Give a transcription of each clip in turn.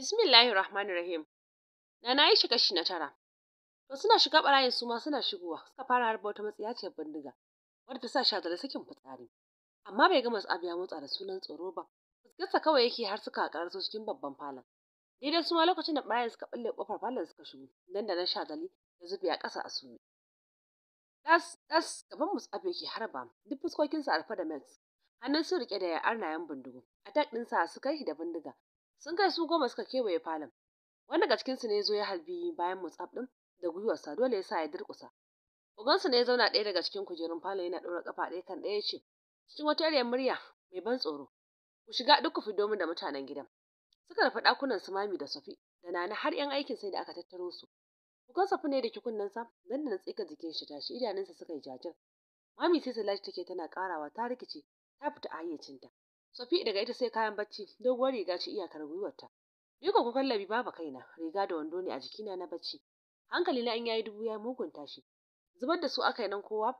Bismillahir Rahmanir Rahim. na yi shi kashi na tara. To suna shiga barayin su ma suna shigowa, suka fara harba wata matsiya matsiyaciyar bindiga, wadda ta sa shadara sakin fitsari. Amma bai gama matsabi ya motsa da sunan tsoro ba. Fuskarsa kawai yake har suka su cikin babban falon. Daidai su ma lokacin da barayin suka balle kofar falon suka shigo, nan da na shadali ya zube a kasa a sume. Das das gaban Musab yake harba, duk fuskokin sa arfa da mens. Hannun su rike da arnayen bindigo. Attack ɗinsa su yi da bindiga, sun kai su goma suka kewaye falon wanda daga cikinsu ne zo ya halbi bayan mutsaf ɗin da gwiwarsa dole ya sa ya durkusa. ugansu ne ya zauna ɗaya daga cikin kujerun falon yana ɗora ƙafa ɗaya kan ɗaya ce cikin wata yariyar murya mai ban tsoro ku shiga duk ku fi domin da mutanen gidan suka rufe ɗakunan su mami da safi da nana har 'yan aikin sai da aka tattaro su Kukan safi ne da kikunnensa nan da na tsika jikin shi tashi idanunsa suka yi jajir. Mami sai Salatu take tana karawa ta rikice ta fita a Sofi daga ita sai kayan bacci, doguwar riga ce iyakar gwiwarta. Ni ko kallabi babu kaina, riga da wando ne a jikina na bacci. Hankali na in yayi dubu ya mugun tashi. Zubar da su aka yi nan kowa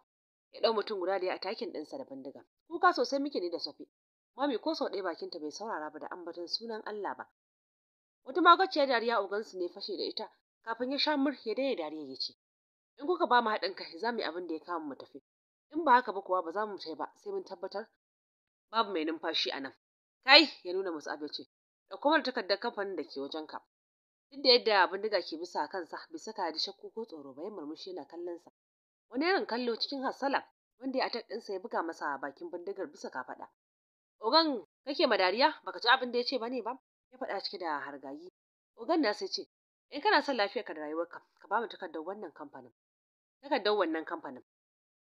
ya dau mutum guda da a takin ɗinsa da bindiga. Kuka sosai muke ne da Sofi. Mami ko sau ɗaya bakinta bai saurara ba da ambaton sunan Allah ba. Wata magwaciyar dariya ogansu ne fashe da ita kafin ya sha mur ya daina dariya ya ce. In kuka ba mu haɗin kai za mu yi abin da ya kama mu tafi. In ba haka ba kuwa ba za mu tai ba sai mun tabbatar babu mai numfashi a nan kai ya nuna musab ya ce ɗauko mana takardar kamfanin da ke wajen ka duk da yadda bindiga ke bisa kansa bai saka da shakku ko tsoro ba ya murmushi yana kallon sa wani irin kallo cikin hassala wanda ya atak ɗinsa ya buga masa bakin bindigar bisa ka kafaɗa ogan kake madariya baka ci abin da ya ce ba ne ba ya faɗa cike da hargayi ogan na sai ce in kana son ka da rayuwarka ka ba mu takardar wannan kamfanin takardar wannan kamfanin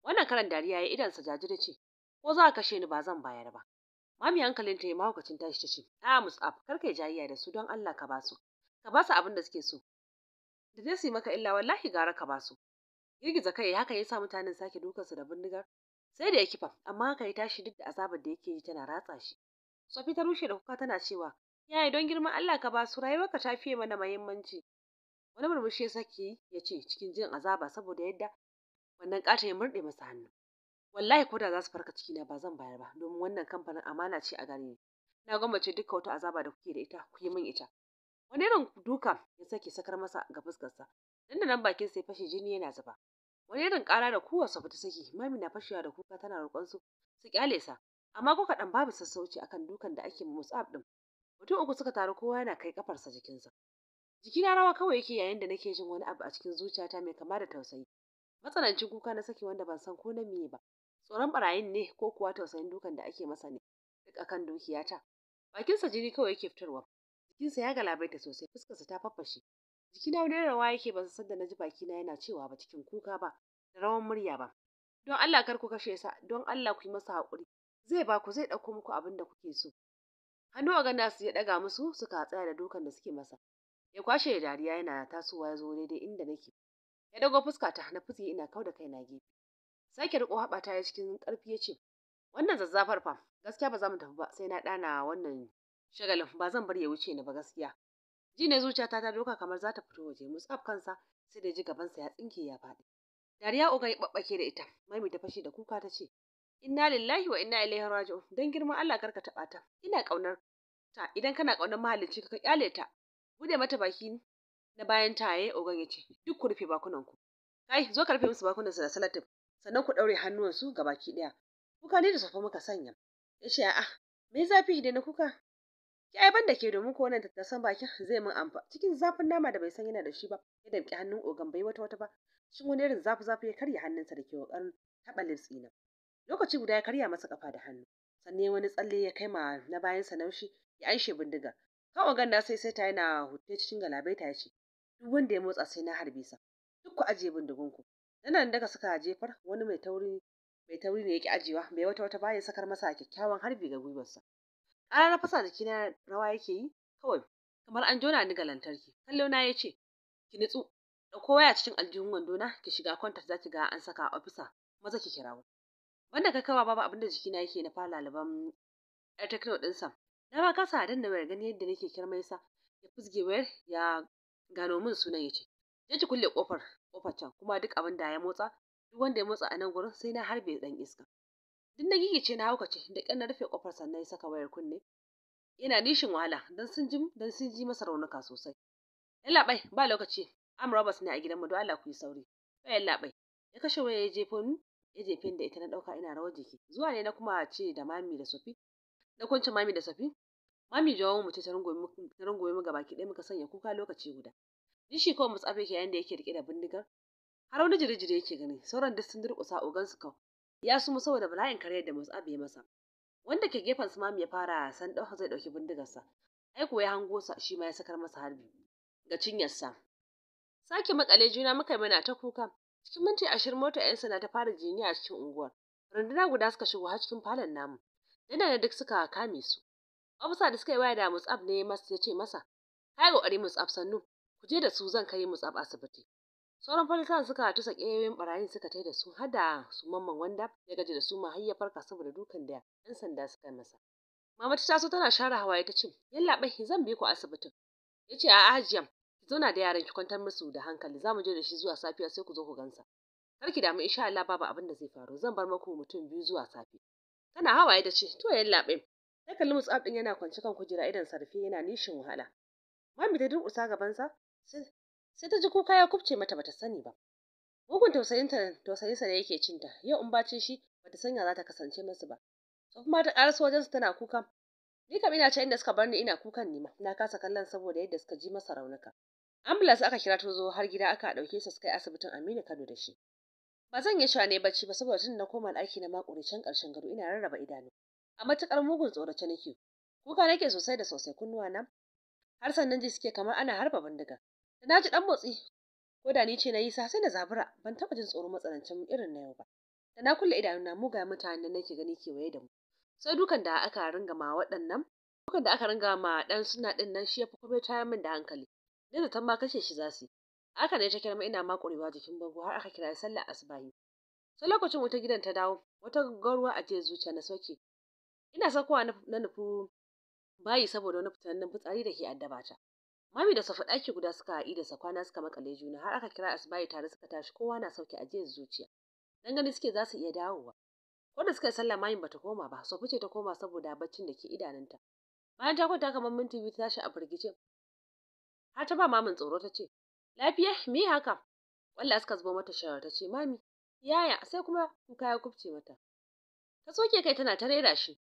wannan karan dariya ya idansa jajiri ce ko za ka kashe ni ba zan bayar ba mami hankalin ta yi mahaukacin tashi ta ce a mus'ab kar kai jayayya da su don Allah ka basu ka basu abin da suke so da zai su maka illa wallahi gara ka basu girgiza kai haka ya sa mutanen sake su da bindigar sai da ya kifa amma haka ya tashi duk da azabar da yake yi tana ratsa shi Sofi ta rushe da kuka tana cewa yaya don girman Allah ka basu ka ta fiye mana mahimmanci wani murmushi ya saki ya ce cikin jin azaba saboda yadda wannan ƙata ya murɗe masa hannu wallahi ko da za su farka ciki na, ba zan bayar ba domin wannan kamfanin amana ce a gare ni na gwammace duka wata azaba da kuke da ita ku yi min ita wani irin duka ya sake sakar masa ga fuskarsa nan da nan bakin sai fashe jini yana zuba wani irin kara da kuwa ba ta saki mami na fashewa da kuka tana roƙon su su kyale sa amma ko kaɗan babu sassauci akan dukan da ake musab din? mutum uku suka taru kowa yana kai kafarsa jikinsa jikina rawa kawai yake yayin da nake jin wani abu a cikin zuciyata mai kama da tausayi matsanancin kuka na saki wanda ban san ko na miye ba tsoron barayin ne ko kuwa tausayin dukan da ake masa ne duk akan dukiyata bakinsa jini kawai yake fitarwa jikinsa ya galabaita sosai fuskarsa ta faffashe na wani rawa yake ba san da naji na yana cewa ba cikin kuka ba da rawan murya ba don Allah kar ku kashe sa don Allah ku yi masa hakuri zai ba ku zai ɗauko muku abin da kuke so hannu a ganda su ya daga musu suka tsaya da dukan da suke masa ya kwashe da dariya yana tasowa ya zo daidai inda nake ya dago fuskata, ta na fuske ina kau da kaina gefe sake riko haɓa ta cikin ƙarfi ya ce wannan zazzafar fa gaskiya ba za mu tafi ba sai na ɗana wannan shagalin ba zan bar ya wuce ni ba gaskiya ji ne zuciyata ta doka kamar za ta fito waje tsaf kansa sai da ji sa ya tsinke ya faɗi dariya oga ya babbake da ita mami ta fashe da kuka ta ce inna lillahi wa inna ilaihi raji'un dan girman Allah karka taɓa ta ina kaunar ta idan kana ƙaunar mahalicci ka kyale ta bude mata baki na bayan taye ogan ya ce duk kurfe bakunan ku kai zo karfe rufe bakunan su da salatin sannan ku ɗaure hannuwansu baki ɗaya kuka ne da safa muka sanya ya ce a'a me zafi idan na kuka ki ai banda ke domin ko nan tattasan bakin zai min amfa cikin zafin nama da bai san yana da shi ba ya damƙi hannun ogan bai wata wata ba shin wani irin zafi zafi ya karya hannunsa da ke ƙoƙarin taɓa litsi lokaci guda ya karya masa ƙafa da hannu sannan wani tsalle ya kai ma na bayansa naushi ya aishe bindiga kan ogan na sai sai ta yana hutte cikin galabaita ya ce duk wanda ya motsa sai na harbe sa duk ku ajiye bindigunku Nan daga suka jefar wani mai tauri mai tauri ne yake ajiyewa mai wata wata bayan sakar masa kyakkyawan harbi ga gwiwarsa. Ƙara na fasa jikina rawa yake yi kawai kamar an jona ni ga lantarki. Kallo na ya ce ki nutsu Da waya cikin aljihun wando ki shiga kwantar zaki ga an saka ofisa maza ki kirawo. Banda kawa babu abinda jiki jikina yake na fara laliban ɗan tekno ɗinsa. Na ba kasa danna mai gani yadda nake kirmaisa ya fusge wayar ya gano min sunan yace je ki kulle kofar kofar can kuma duk abin da ya motsa duk wanda ya motsa a nan gurin sai na harbe dan iska duk na gigice na hauka haukace da ƙyar na rufe kofar sannan ya saka wayar kunne yana nishin wahala dan sun ji dan sun ji masa raunuka sosai yallaɓai ba lokaci am roberts ne a gidanmu don allah ku yi sauri to yallaɓai ya kashe waya ya jefo ni ya jefe da ita na ɗauka ina rawar jiki zuwa ne na kuma ce da mami da sofi na kwance mami da sofi mami jawo mu ce ta rungume mu gaba ki ɗaya muka sanya kuka lokaci guda shi kawai mutsafe ke yayin da yake rike da bindigar. Har wani jire-jire yake gani, sauran duk sun durƙusa ogansu kau. Ya sumu saboda bala'in kare da mutsafe ya masa. Wanda ke gefen su ya fara san ɗauka zai ɗauki bindigarsa. Ai kuwa ya hango sa shi ma ya sakar masa harbi ga cinyarsa. Sake makale juna muka mana ta kuka. Cikin minti ashirin mota 'yan sana ta fara jiniya a cikin unguwar. Runduna guda suka shigo har cikin falon namu. Dana duk suka kame su. Ofisa da suka yi waya da Musab ne ya ce masa, "Kai kokari mutsaf sannu, ku je da su zan kai mu tsab asibiti sauran falisan suka tusa ƙeyoyin barayin suka tai da su hada su mamman wanda ya gaji da su ma har ya saboda dukan da yan sanda suka masa mama ta taso tana share hawaye ta ce bai zan bi ku asibitin ya ce a'a hajiya ki zauna da yaran ki kwantar musu da hankali zamu je da shi zuwa safiya sai ku zo ku gansa karki ki damu insha Allah babu abin da zai faru zan bar maku mutum biyu zuwa safe tana hawaye da ce to yalla bai sai kallon ɗin yana kwance kan kujera idan sarfi yana nishin wahala mami usa gaban gabansa sai ta ji kuka ya kubce mata bata sani ba mugun tausayinta tausayinsa ne yake cin ta yau in bace shi bata sanya za ta kasance masu ba to kuma ta sojan su tana kuka ni kam ina can inda suka bar ni ina kukan ma na kasa kallon saboda yadda suka ji masa raunuka ambulance aka kira ta zo har gida aka ɗauke su kai asibitin Aminu Kano da shi ba zan yi shawane ne bacci ba saboda tun na koma aiki na makuricin karshen gado ina rarraba idanu a matuƙar mugun tsorace nake kuka nake sosai da sosai kunnuwa na har sannan ji suke kamar ana harba bindiga da na ji ɗan motsi ko da ni ce na yi sa sai na zabura ban taɓa jin tsoron matsanancin irin na yau ba da na kulle idanuna ga mutanen da nake gani kewaye da mu sai dukan da aka ringa ma waɗannan dukan da aka ringa ma ɗan suna ɗin nan shi ya fi komai tayar min da hankali da zaton ma kashe shi za su haka ne ta kirma ina makurewa jikin bango har aka kira sallar asubahi sai lokacin wata gidan ta dawo wata ruwa a jiya zuciya na sauke ina sakowa na nufi bayi saboda wani fitannen fitsari da ke addaba ta Mami da Safa ɗaki guda suka haɗi da sakwana suka makale juna har aka kira asbayi tare suka tashi kowa na sauke ajiyar zuciya. Dan gani suke za su iya dawowa. Ko da suka yi sallah mayin bata koma ba, Safa ce ta koma saboda baccin da ke idanunta. Bayan ta kwanta kamar minti biyu ta tashi a firgice. Har ta ba mamin tsoro ta ce, "Lafiya, me haka?" wallahi suka zubo mata shawara ta ce, "Mami, yaya sai kuma kuka ya kubce mata." Ta soke kai tana ta rera shi.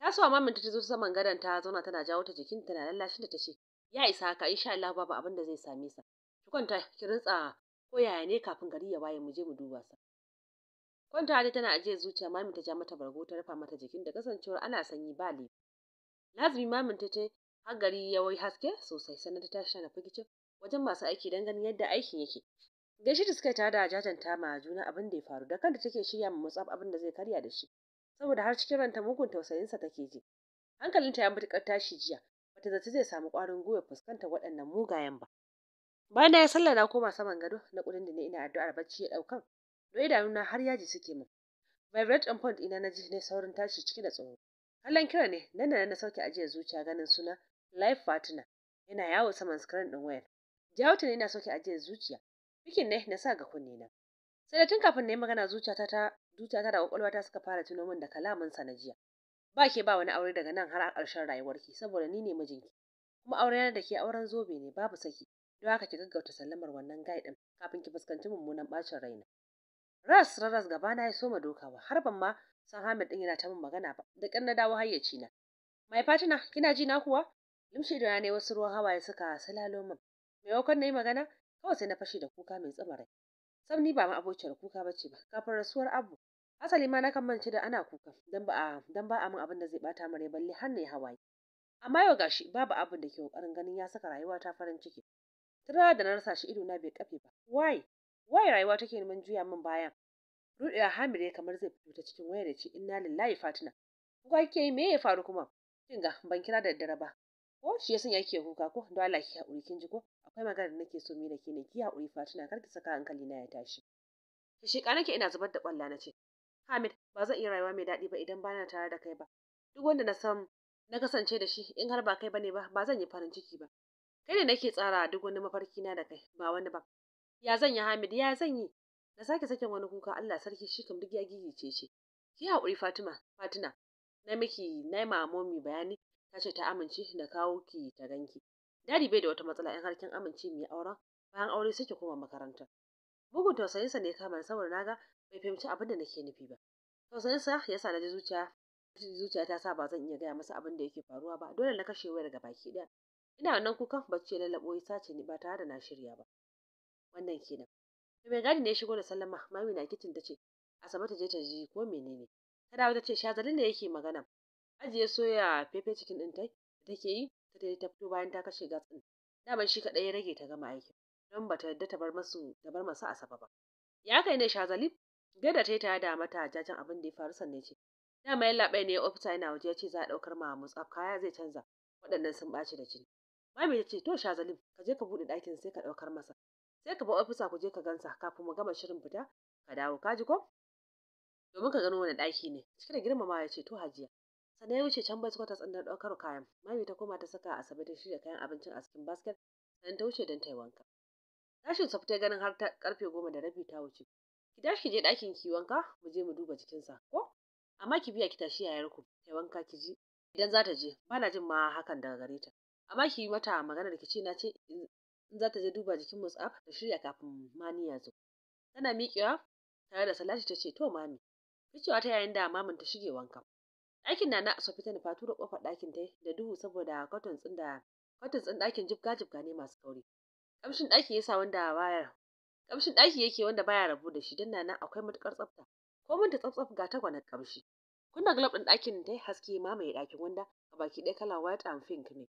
Ta so mamin ta zo saman gadon ta zauna tana jawo ta jikin tana lallashin da ta ce, ya isa haka insha Allah babu abin da zai same sa ki kwanta ki rintsa ko yaya ne kafin gari ya waye mu je mu duba sa kwanta dai tana ajiye zuciya mamin ta ja mata bargo ta rufa mata jikin da kasancewar ana sanyi ba le. lazumi mamin ta ce har gari ya wai haske sosai sannan ta tashi tana fikicin wajen masu aiki don ganin yadda aikin yake gaishe da suka tada da jajanta ma juna abin da ya faru da kanta take shirya ma matsaf abin da zai karya da shi saboda har cikin ranta mugun tausayinsa take ji hankalinta ya matukar tashi jiya ta zaci zai samu ƙwarin gwiwa fuskantar waɗannan mugayen ba bayan na ya sallah na koma saman gado na kudin da ne ina addu'ar bacci ya ɗaukan don idanuna har yaji suke min vibrate and point ina na ji ne saurin tashi cike da tsoro kallon kira ne nan da na sauke ajiyar zuciya ganin suna life partner yana yawo saman screen ɗin wayar jawata ne na sauke ajiyar zuciya bikin ne na sa ga kunne na sai da tun kafin na yi magana zuciyata ta zuciyata da kwakwalwata suka fara tuno min da kalamin sa na jiya ba ke ba wani aure daga nan har a ƙarshen rayuwarki saboda ni ne mijinki kuma aure na da ke auren zobe ne babu saki don haka ki gaggauta sallamar wannan gai din kafin ki fuskanci mummunan bacin raina ras raras gaba na ya soma dokawa har ban ma san Hamid din yana ta min magana ba da kan na dawo hayyaci na mai fatina kina ji na kuwa limshi da ne wasu ruwan hawaye suka salalo min maimakon na yi magana kawai sai na fashe da kuka mai tsamarai sam ni ba ma abokiyar kuka ba ce ba kafin rasuwar abu asali ma na mance da ana kuka dan ba dan ba a min abin da zai bata mare balle har ne hawaye amma yau gashi babu abin da ke kokarin ganin ya saka rayuwa ta farin ciki tira da na rasa shi ido na bai kafe ba why why rayuwa take neman juya min bayan ya hamire kamar zai fito ta cikin wayar da ce inna lillahi fatina kuka kike me ya faru kuma kin ga ban kira da daddare ba ko shi yasan yake kuka ko don Allah ki haƙuri kin ji ko akwai magana da nake so mi da ke ne ki haƙuri fatina kar ki saka hankali na ya tashi ki kana ke ina zubar da kwalla na ce Hamid ba zan iya rayuwa mai daɗi ba idan bana tare da kai ba duk wanda na san na kasance da shi in har ba kai bane ba ba zan yi farin ciki ba kai ne nake tsara duk wani mafarki na da kai ba wani ba ya zan yi Hamid ya zan yi na sake sakin wani kuka Allah sarki shi kam duk ya gigice shi ki haƙuri Fatima Fatima! na miki na ma bayani ta ce ta amince na kawo ki ta ganki dadi bai da wata matsala in har kin amince mu yi auren bayan aure sai ki koma makaranta bugun tausayinsa ne kamar saboda naga bai fahimci abin da nake nufi ba tausayinsa ya sa na ji zuciya zuciya ta sa ba zan iya gaya masa abin da yake faruwa ba dole na kashe wayar gaba baki ɗaya ina wannan kukan bacci ya lallaɓo ya sace ni ba tare da na shirya ba wannan kenan to mai gadi ne ya shigo da sallama mami na kicin ta ce asabe ta je ta ji ko menene ta dawo ta ce shazalin da yake magana ajiye soya fefe cikin ɗin tai da take yi ta tafi ta bayan ta kashe gas ɗin daman shi kaɗai ya rage ta gama aikin don bata yarda ta bar masu ta bar masa asaba ba ya kai ne shazalin Gaida ta yi tare da mata jajen abin da ya faru sannan ce. Dama yan labai ne ofisa yana waje ya ce za a ɗaukar ma tsafka kaya zai canza. Waɗannan sun ɓaci da jini. Mami ta ce to Shazalim ka je ka buɗe ɗakin sai ka ɗaukar masa. Sai ka bar ofisa ku je ka gansa kafin mu gama shirin fita ka dawo ka ji ko? Domin ka gano wani ɗaki ne. Cike da girmamawa ya ce to Hajiya. Sannan ya wuce can bas kwatas tsandar ɗaukar kayan. Mami ta koma ta saka a asabe shirya kayan abincin a cikin basket sannan ta wuce don ta yi wanka. Tashin sa fita ganin har ta karfe goma da rabi ta wuce. ki tashi ki je ɗakin ki wanka mu je mu duba sa ko amma ki biya ki tashi ku ki wanka ki ji idan za ta je ba na jin ma hakan daga gare ta amma ki yi mata maganar ki ce na ce in za ta je duba jikin Mus'ab ta shirya kafin mani ya zo tana miƙewa tare da Salatu ta ce to mami ficewa ta yayin da mamin ta shige wanka ɗakin na na Sofi ta nufa tura ƙofar ɗakin ta da duhu saboda kwaton tsin da kwaton ɗakin jibga jibga ne masu kauri kamshin ɗaki ya sa wanda wayar. kamshin ɗaki yake wanda baya rabu da shi dan nan akwai matuƙar tsafta mun ta tsaftsaf ga tagwanar kamshi kunna glob ɗin ɗakin ta haske ma mai ɗakin wanda a baki ɗaya kala white and pink ne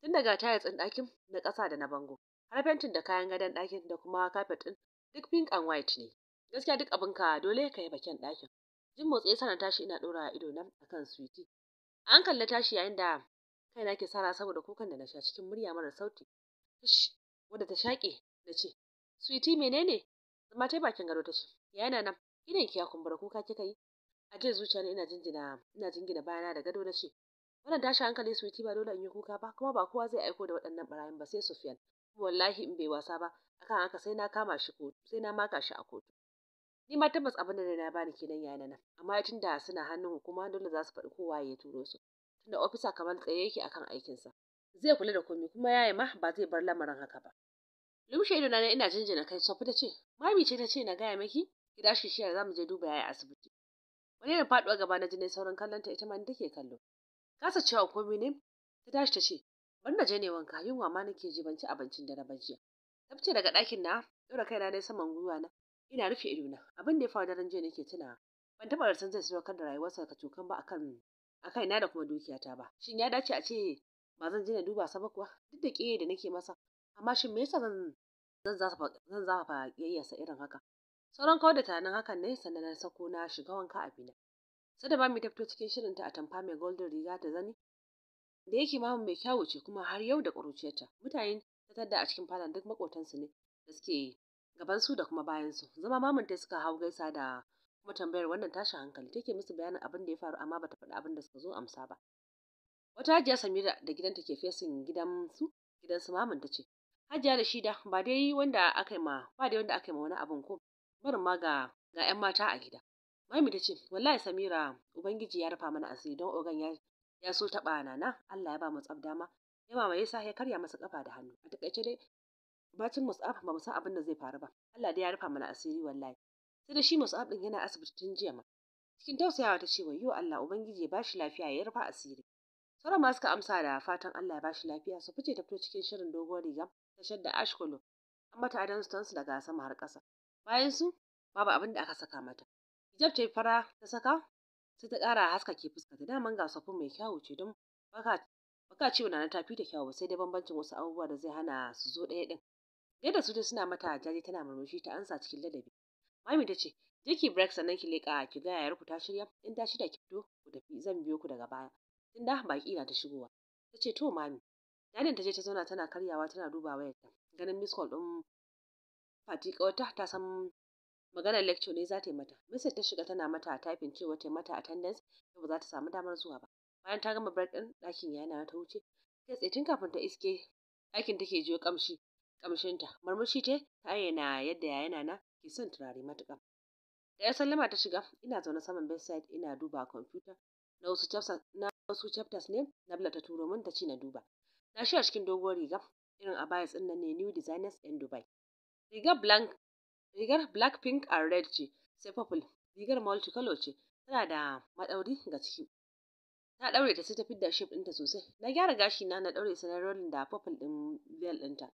tun daga tiles ɗin ɗakin na ƙasa da na bango har fentin da kayan gadon ɗakin da kuma kafet ɗin duk pink and white ne gaskiya duk abin ka dole ka yi bakin ɗakin jin motsi ya sana tashi ina ɗora ido na akan switi an kalli tashi yayin da kaina ke sara saboda kukan da na sha cikin murya mara sauti wadda ta shaƙe na ce Sweety menene? Zama ta bakin gado ta Ya Yana nan. Idan ki ya kumbura kuka kika yi. A jiya zuciya na ina jinjina ina jingina bayana da gado na ce. Wannan tashi hankali Sweety ba dole in yi kuka ba kuma ba kowa zai aiko da waɗannan barayin ba sai Sufyan. Kuma wallahi in bai wasa ba akan haka sai na kama shi kotu sai na maka shi a kotu. Ni ma tabbas abin da na bani kenan yana nan amma tunda suna hannun hukuma dole za su faɗi kowa ya turo su. Tunda ofisa kamar tsaye yake akan aikinsa. Zai kula da komai kuma yaya ma ba zai bar lamarin haka ba. lumshe ido na ina jinjina kai sofi ta ce mami ce ta ce na gaya miki ki dashi shi za mu je duba yaya asibiti wani ne faduwa gaba na jinin sauran kallon ita ma ni take kallo kasa cewa komai ne ta tashi ta ce bari je ne wanka yunwa ma nake ji ban ci abincin dare ba jiya ta fice daga ɗakin na ɗora kaina dai saman gwiwa na ina rufe ido na abin da ya faru daren jiya nake tuna ban taɓa rasan zai sadaukar da rayuwarsa ka cokan ba akan a na da kuma dukiyata ba shin ya dace a ce ba zan je na duba sa ba kuwa duk da ƙiyaye da nake masa Amma shin me yasa zan zan zafafa yayyasa irin haka? Sauran kawai da tunanin hakan ne sannan na sako na shiga wanka a Sai da mami ta fito cikin shirinta a tamfa mai golden riga ta zani da yake mamu mai kyawu ce kuma har yau da ƙuruciyarta. Mutane ta tadda a cikin falon duk maƙotansu ne da suke gaban su da kuma bayan su. Zama ta suka hau gaisa da kuma tambayar wannan tashin hankali take musu bayanin abin da ya faru amma bata faɗi abin da suka zo amsa ba. Wata hajiya Samira da gidanta ke fesin gidan su gidan su ta ce Hajiya da ba dai wanda aka ma ba dai wanda aka yi ma wani abin ko barin ma ga ga ƴan mata a gida. Mami ta ce wallahi Samira ubangiji ya rufa mana asiri don ogan ya ya so taɓa nana Allah ya ba mu tsaf dama ya mama yasa ya karya masa kafa da hannu a takaice dai bacin Mus'ab ba mu san abin da zai faru ba Allah dai ya rufa mana asiri wallahi sai da shi Mus'ab din yana asibiti tun jiya ma cikin tausayawa ta ce wa yo Allah ubangiji ya bashi lafiya ya rufa asiri sauran ma suka amsa da fatan Allah ya bashi lafiya su fice ta fito cikin shirin doguwar riga tashar da ashkolon an mata adon stones daga sama har ƙasa bayan su babu abin da aka saka mata hijab ce fara ta saka sai ta ƙara haska ke fuska. Da daman ga sofin mai kyawu ce don baka ce na ta fi da kyawu sai dai bambancin wasu abubuwa da zai hana su zo ɗaya ɗin da su suna mata jaje tana murmushi ta ansa cikin ladabi mami ta ce je ki break sannan ki leƙa ki ga yayar ta shirya in ta shirya ki fito ku tafi zan biyo ku daga baya tunda baƙi na ta shigowa ta ce to mami Dadin ta je ta zauna tana karyawa tana duba wayarta. Ganin Miss Call fati Fatikawata ta san magana lecture ne za ta yi mata. Miss ta shiga tana mata a typing cewa ta mata attendance da ba za ta samu damar zuwa ba. Bayan ta gama break ɗin ɗakin yana ta wuce. Kai tsaye tun kafin ta iske ɗakin take jiyo kamshi kamshinta. Murmushi ta ta yana yadda ya yana na ke son turare matuƙa. Da ya sallama ta shiga ina zaune saman bedside ina duba computer na wasu chapters na wasu ne ta turo min ta ce na duba. Na shi cikin doguwar riga irin abaya ɗin nan ne New Designers in Dubai. Rigar blank rigar black pink and red ce sai purple rigar multicolor ce tana da maɗauri ga ciki. Na ɗaure ta sai ta fidda shape ɗinta sosai. Na gyara gashi na na ɗaure sa na rolling da purple ɗin veil ɗinta.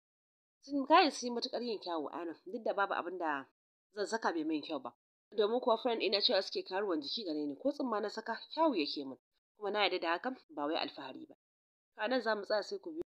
Sun kayan sun yi matuƙar yin kyawu nan, duk da babu abin da zan saka bai min kyau ba. Domin kuwa friend ina cewa suke karuwan jiki ga ni ko tsumma na saka kyawu yake min. Kuma na yarda da hakan ba wai alfahari ba. A nan za mu tsaya sai ku biyo.